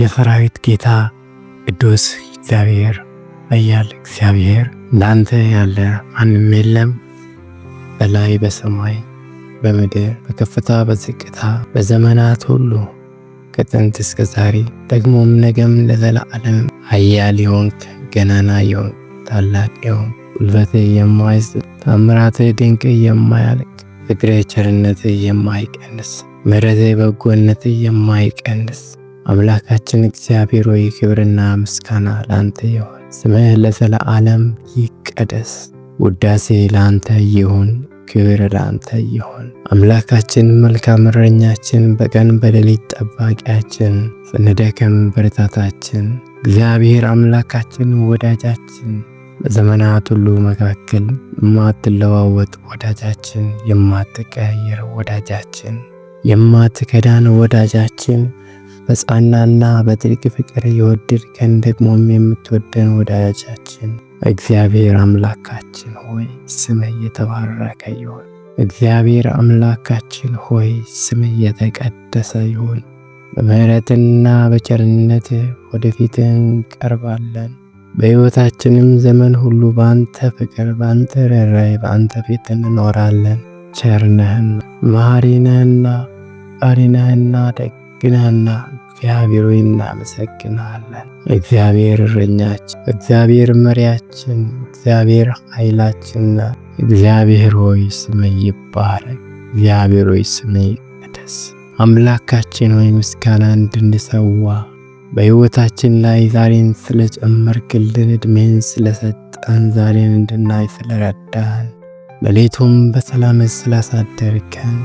የሰራዊት ጌታ ቅዱስ እግዚአብሔር ኃያል እግዚአብሔር እንዳንተ ያለ ማንም የለም። በላይ በሰማይ በምድር በከፍታ በዝቅታ በዘመናት ሁሉ ከጥንት እስከ ዛሬ ደግሞም ነገም ለዘላለም ኃያል የሆንክ ገናና የሆንክ ታላቅ የሆንክ ጉልበት የማይስ ታምራት ድንቅ የማያልቅ ፍቅሬ ቸርነት የማይቀንስ ምሕረት በጎነት የማይቀንስ አምላካችን እግዚአብሔር ሆይ ክብርና ምስጋና ላንተ ይሁን። ስምህ ለዘለዓለም ይቀደስ። ውዳሴ ላንተ ይሁን። ክብር ላንተ ይሁን። አምላካችን መልካም እረኛችን፣ በቀን በሌሊት ጠባቂያችን፣ ስንደክም ብርታታችን፣ እግዚአብሔር አምላካችን ወዳጃችን፣ በዘመናት ሁሉ መካከል የማትለዋወጥ ወዳጃችን፣ የማትቀያየር ወዳጃችን፣ የማትከዳን ወዳጃችን በጻናና በጥልቅ ፍቅር የወደድከን ደግሞም የምትወደን ወዳጃችን እግዚአብሔር አምላካችን ሆይ ስም እየተባረከ ይሁን። እግዚአብሔር አምላካችን ሆይ ስም የተቀደሰ ይሁን። በምሕረትና በቸርነት ወደፊትህ እንቀርባለን። በሕይወታችንም ዘመን ሁሉ በአንተ ፍቅር፣ በአንተ ርኅራኄ፣ በአንተ ፊት እንኖራለን። ቸርነህና መሐሪነህና ነህና ደግነህና እግዚአብሔር ሆይ እናመሰግናለን። እግዚአብሔር እረኛችን፣ እግዚአብሔር መሪያችን፣ እግዚአብሔር ኃይላችን። እግዚአብሔር ሆይ ስም ይባረክ። እግዚአብሔር ሆይ ስም ይቀደስ። አምላካችን ሆይ ምስጋና እንድንሰዋ በሕይወታችን ላይ ዛሬን ስለጨመርክልን ዕድሜን ስለሰጠን ዛሬን እንድናይ ስለረዳን በሌቱም በሰላም ስላሳደርከን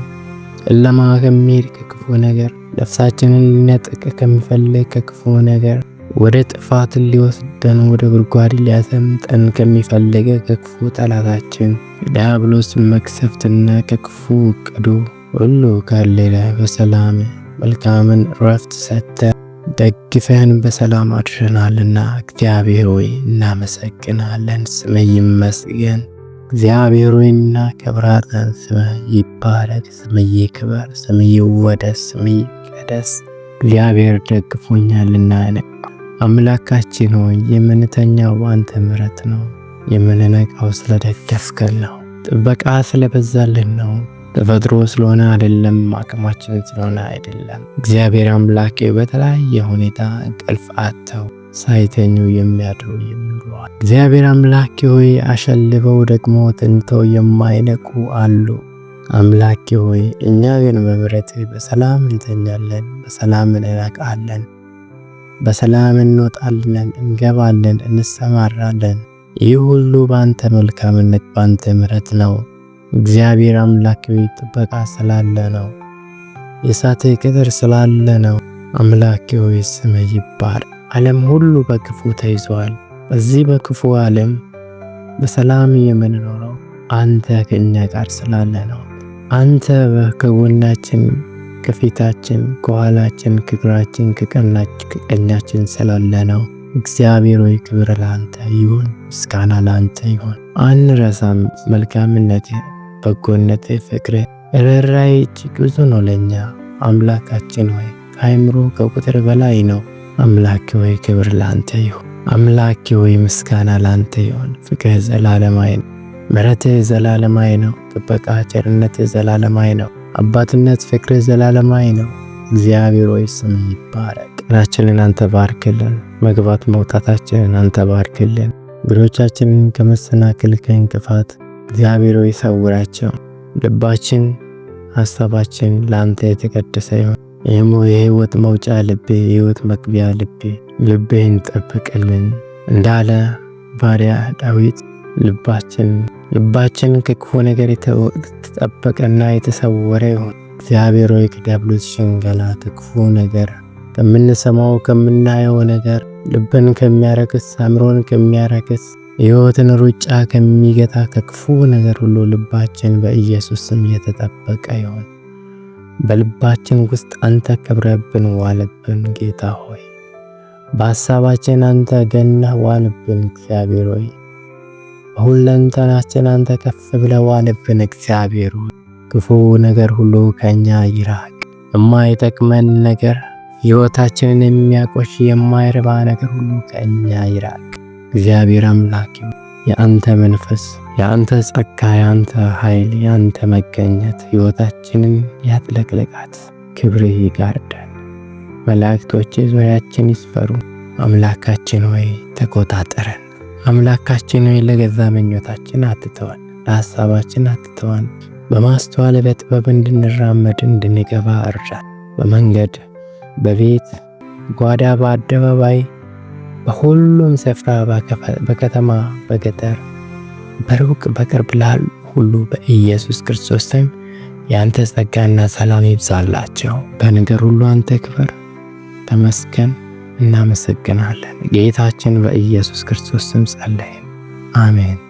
ጨለማ ከሚሄድ ከክፉ ነገር ነፍሳችንን ሊነጥቅ ከሚፈልግ ከክፉ ነገር ወደ ጥፋት ሊወስደን ወደ ጉድጓድ ሊያሰምጠን ከሚፈለገ ከክፉ ጠላታችን ዲያብሎስ መቅሰፍትና ከክፉ እቅዱ ሁሉ ከሌለ በሰላም መልካምን ረፍት ሰጥተ ደግፈን በሰላም አድርሰናልና እግዚአብሔር ሆይ እናመሰግናለን። ስምህ ይመስገን። እግዚአብሔር ሆይና ክብራት ስመ ይባረክ፣ ስምዬ ይክበር፣ ስምህ ይወደስ፣ ስምህ ይቀደስ። እግዚአብሔር ደግፎኛልና አምላካችን ሆይ የምንተኛው በአንተ ምሕረት ነው፣ የምንነቃው ስለደገፍከን ነው፣ ጥበቃ ስለበዛልን ነው። ተፈጥሮ ስለሆነ አይደለም፣ አቅማችን ስለሆነ አይደለም። እግዚአብሔር አምላኬ በተለያየ ሁኔታ እንቅልፍ አተው ሳይተኙ የሚያድሩ የሚውሉ እግዚአብሔር አምላኬ ሆይ አሸልበው ደግሞ ተኝተው የማይነቁ አሉ። አምላኬ ሆይ እኛ ግን በምረት በሰላም እንተኛለን፣ በሰላም እንነቃለን፣ በሰላም እንወጣለን፣ እንገባለን፣ እንሰማራለን። ይህ ሁሉ በአንተ መልካምነት በአንተ ምረት ነው። እግዚአብሔር አምላክ ጥበቃ ስላለ ነው። የእሳት ቅጥር ስላለ ነው። አምላኬ ሆይ ስምህ ይባረክ። ዓለም ሁሉ በክፉ ተይዘዋል። እዚህ በክፉ ዓለም በሰላም የምንኖረው አንተ ከእኛ ጋር ስላለ ነው። አንተ ከጎናችን፣ ከፊታችን፣ ከኋላችን፣ ከግራችን፣ ከቀኛችን ስላለ ነው። እግዚአብሔር ሆይ ክብር ለአንተ ይሁን፣ ምስጋና ለአንተ ይሁን። አንረሳም መልካምነት፣ በጎነት፣ ፍቅር፣ ርኅራኄ እጅግ ብዙ ነው ለእኛ። አምላካችን ሆይ ከአእምሮ ከቁጥር በላይ ነው። አምላኬ ወይ ክብር ላንተ ይሁን። አምላክ ወይ ምስጋና ላንተ ይሁን። ፍቅርህ ዘላለማዊ ነው። ምሕረትህ ዘላለማዊ ነው። ጥበቃ ቸርነትህ ዘላለማዊ ነው። አባትነት ፍቅርህ ዘላለማዊ ነው። እግዚአብሔር ሆይ ስም ይባረክ። ቀናችንን አንተ ባርክልን። መግባት መውጣታችንን አንተ ባርክልን። እግሮቻችንን ከመሰናክል ከእንቅፋት እግዚአብሔር ሆይ ሰውራቸው። ልባችን ሀሳባችን ለአንተ የተቀደሰ ይሁን። የህይወት መውጫ ልቤ፣ የህይወት መግቢያ ልቤ፣ ልቤን ጠብቅልን እንዳለ ባሪያ ዳዊት ልባችን ልባችን ከክፉ ነገር የተጠበቀና የተሰወረ ይሁን። እግዚአብሔር ሆይ ከዲያብሎስ ሽንገላ ከክፉ ነገር ከምንሰማው ከምናየው ነገር ልብን ከሚያረክስ አእምሮን ከሚያረክስ የህይወትን ሩጫ ከሚገታ ከክፉ ነገር ሁሉ ልባችን በኢየሱስ ስም የተጠበቀ ይሁን። በልባችን ውስጥ አንተ ክብረብን ዋለብን ጌታ ሆይ፣ በሀሳባችን አንተ ገነ ዋለብን እግዚአብሔር ሆይ፣ በሁለንተናችን አንተ ከፍ ብለ ዋለብን እግዚአብሔር ሆይ፣ ክፉ ነገር ሁሉ ከኛ ይራቅ። የማይጠቅመን ነገር፣ ህይወታችንን የሚያቆሽ የማይረባ ነገር ሁሉ ከኛ ይራቅ። እግዚአብሔር አምላክ የአንተ መንፈስ የአንተ ጸጋ፣ የአንተ ኃይል፣ የአንተ መገኘት ሕይወታችንን ያጥለቅልቃት። ክብርህ ይጋርደን። መላእክቶች ዙሪያችን ይስፈሩ። አምላካችን ሆይ ተቆጣጠረን። አምላካችን ሆይ ለገዛ ምኞታችን አትተወን፣ ለሐሳባችን አትተወን። በማስተዋል በጥበብ እንድንራመድ እንድንገባ እርዳን። በመንገድ በቤት ጓዳ፣ በአደባባይ፣ በሁሉም ስፍራ፣ በከተማ፣ በገጠር በሩቅ በቅርብ ላሉ ሁሉ በኢየሱስ ክርስቶስ ስም ያንተ ጸጋና ሰላም ይብዛላቸው። በነገር ሁሉ አንተ ክብር ተመስገን። እናመሰግናለን። ጌታችን በኢየሱስ ክርስቶስ ስም ጸለይን፣ አሜን።